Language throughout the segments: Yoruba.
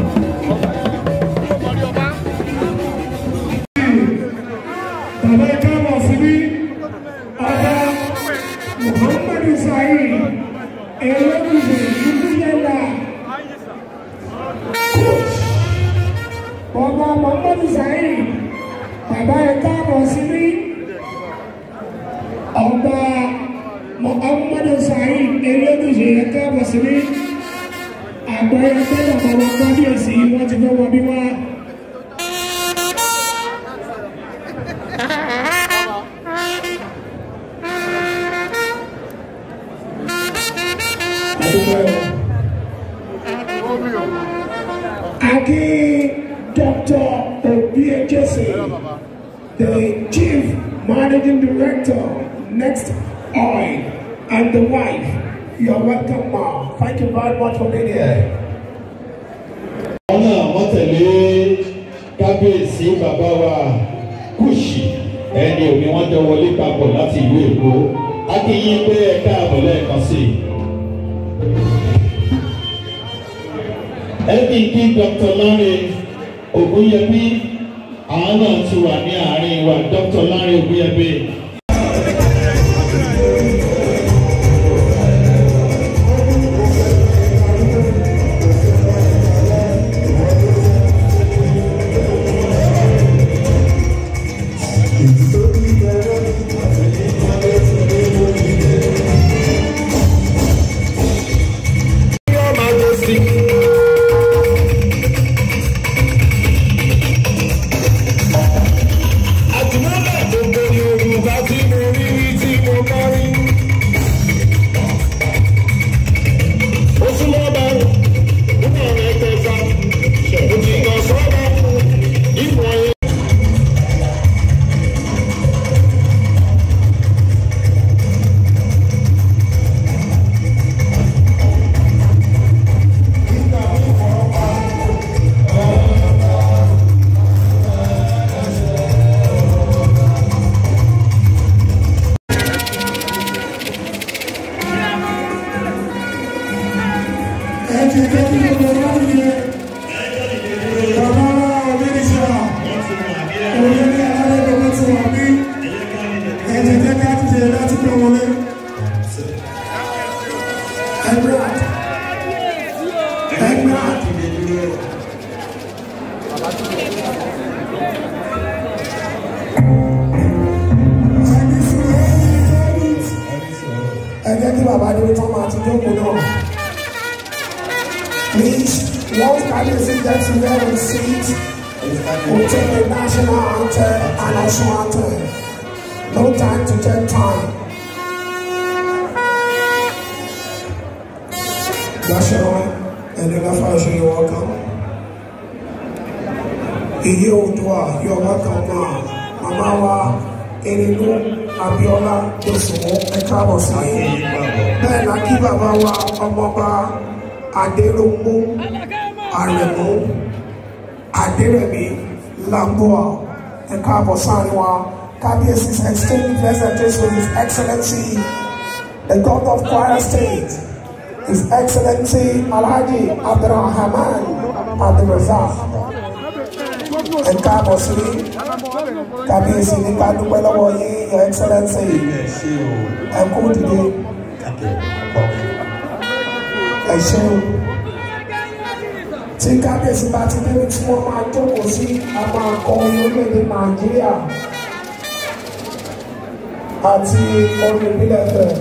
Thank the chief managing director, Next Oil, and the wife. You're welcome, ma. Thank you very much for being here. Ọ̀nà àwọn tẹ̀lé kábíyèsí bàbá wa Kùsì ẹni òní wọ́n jọ wọlé papọ̀ láti ìlú Èkó. A kì í yín pé ẹ káàbọ̀ lẹ́ẹ̀kan sí i. Ẹ kì í Dr. Lọ́rin Ògúnyẹmí àwọn náà ti wà ní àárín wa Dr. Larry Ogunyebi. Thank you. ilé Oòduà yọ wákàn ọmọ màmá wa Erinú Abíọ́lá Dòsùnmú ẹ káàbọ̀ sáyé bẹ́ẹ̀ la kí bàbá wa ọmọọba Adéròmú Àrẹ̀mú Adérẹ̀mí Làǹbọ̀à ẹ káàbọ̀ sáyé wa Kábíyèsí is extending pleasantries His Excellency the God of Kwara State. His Excellency Alhaji Abdurrahman Abdurrazak ẹ káàbọ̀ sílé kábíyèsí ní ká dúpẹ́ lọ́wọ́ yín your excellency ẹ kú dìde ẹ ṣeun tí kábíyèsí bá ti débi tí wọ́n máa jókòó sí a máa kọ orílẹ̀-èdè nàìjíríà àti orin ìbílẹ̀ fẹ̀.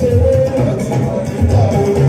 tètè wé.